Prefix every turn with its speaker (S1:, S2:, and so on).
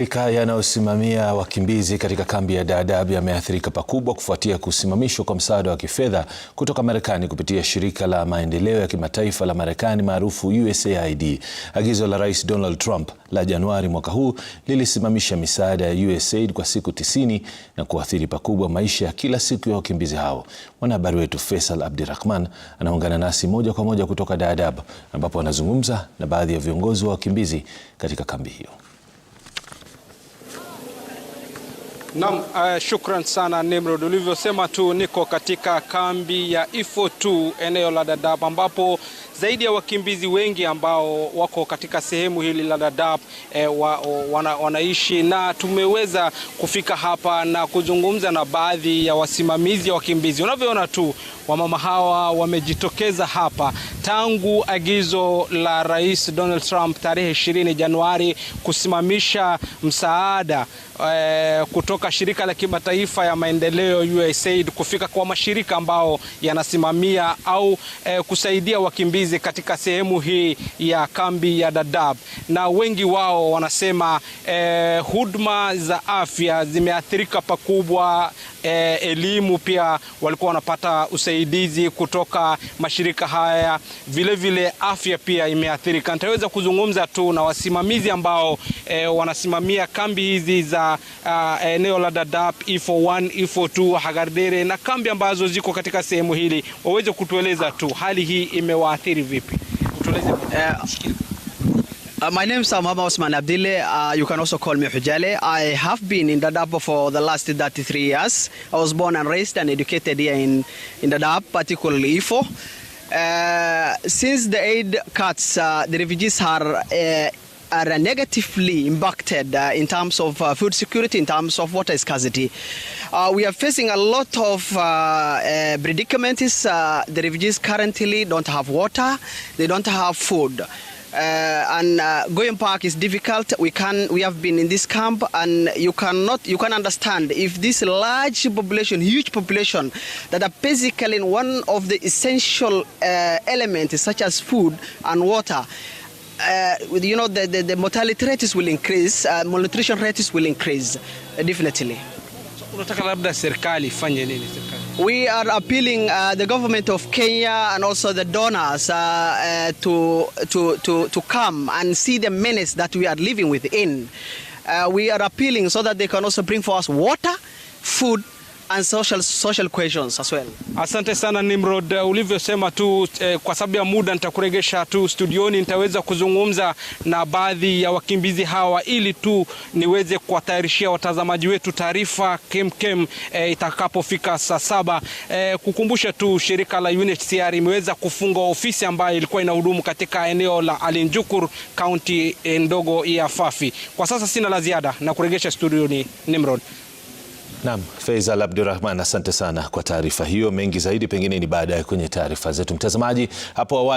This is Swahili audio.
S1: Mashirika yanayosimamia wakimbizi katika kambi ya Dadaab yameathirika pakubwa kufuatia kusimamishwa kwa msaada wa kifedha kutoka Marekani kupitia shirika la maendeleo ya kimataifa la Marekani maarufu USAID. Agizo la Rais Donald Trump la Januari mwaka huu lilisimamisha misaada ya USAID kwa siku tisini na kuathiri pakubwa maisha ya kila siku ya wakimbizi hao. Mwanahabari wetu Faisal Abdirahman anaungana nasi moja kwa moja kutoka Dadaab ambapo anazungumza na baadhi ya viongozi wa wakimbizi katika kambi hiyo.
S2: Naam, uh, shukran sana Nimrod. Ulivyosema tu niko katika kambi ya Ifo 2 eneo la Dadaab ambapo zaidi ya wakimbizi wengi ambao wako katika sehemu hili la Dadaab eh, wa, wana, wanaishi na tumeweza kufika hapa na kuzungumza na baadhi ya wasimamizi wa wakimbizi. Unavyoona tu wamama hawa wamejitokeza hapa tangu agizo la Rais Donald Trump tarehe 20 Januari kusimamisha msaada eh, kutoka shirika la kimataifa ya maendeleo USAID kufika kwa mashirika ambao yanasimamia au eh, kusaidia wakimbizi katika sehemu hii ya kambi ya Dadaab, na wengi wao wanasema eh, huduma za afya zimeathirika pakubwa e, elimu pia walikuwa wanapata usaidizi kutoka mashirika haya. Vile vile afya pia imeathirika. Nitaweza kuzungumza tu na wasimamizi ambao e, wanasimamia kambi hizi za eneo la Dadaab E41, E42, Hagardere na kambi ambazo ziko katika sehemu hili, waweze kutueleza tu hali hii imewaathiri vipi?
S3: Uh, my name is Amama Osman Abdile. Uh, you can also call me Hujale. I have been in Dadaab for the last 33 years. I was born and raised and educated here in, in Dadaab, particularly Ifo. Uh, since the aid cuts, uh, the refugees are uh, are negatively impacted uh, in terms of uh, food security, in terms of water scarcity. Uh, we are facing a lot of uh, uh, predicaments. Uh, the refugees currently don't have water, they don't have food. Uh, and uh, going back is difficult. We can we have been in this camp, and you cannot you can understand if this large population, huge population, that are basically in one of the essential uh, elements such as food and water. Uh, you know the, the, the mortality rates will increase, uh, malnutrition rates will increase uh, definitely.
S2: unataka labda serikali ifanye nini serikali?
S3: We are appealing uh, the government of Kenya and also the donors uh, uh, to, to, to, to come and see the menace that we are living within. Uh, we are appealing so that they can also bring for us water, food, and social, social questions as well.
S2: Asante sana Nimrod, ulivyosema tu eh, kwa sababu ya muda nitakuregesha tu studioni, nitaweza kuzungumza na baadhi ya wakimbizi hawa ili tu niweze kuwatayarishia watazamaji wetu taarifa kemkem eh, itakapofika saa saba. Eh, kukumbusha tu shirika la UNHCR imeweza kufunga ofisi ambayo ilikuwa inahudumu katika eneo la Alinjukur kaunti eh, ndogo ya Fafi. Kwa sasa sina la ziada na kuregesha studioni Nimrod.
S1: Naam, Faisal Abdurrahman, asante sana kwa taarifa hiyo. Mengi zaidi pengine ni baadaye kwenye taarifa zetu. Mtazamaji hapo awali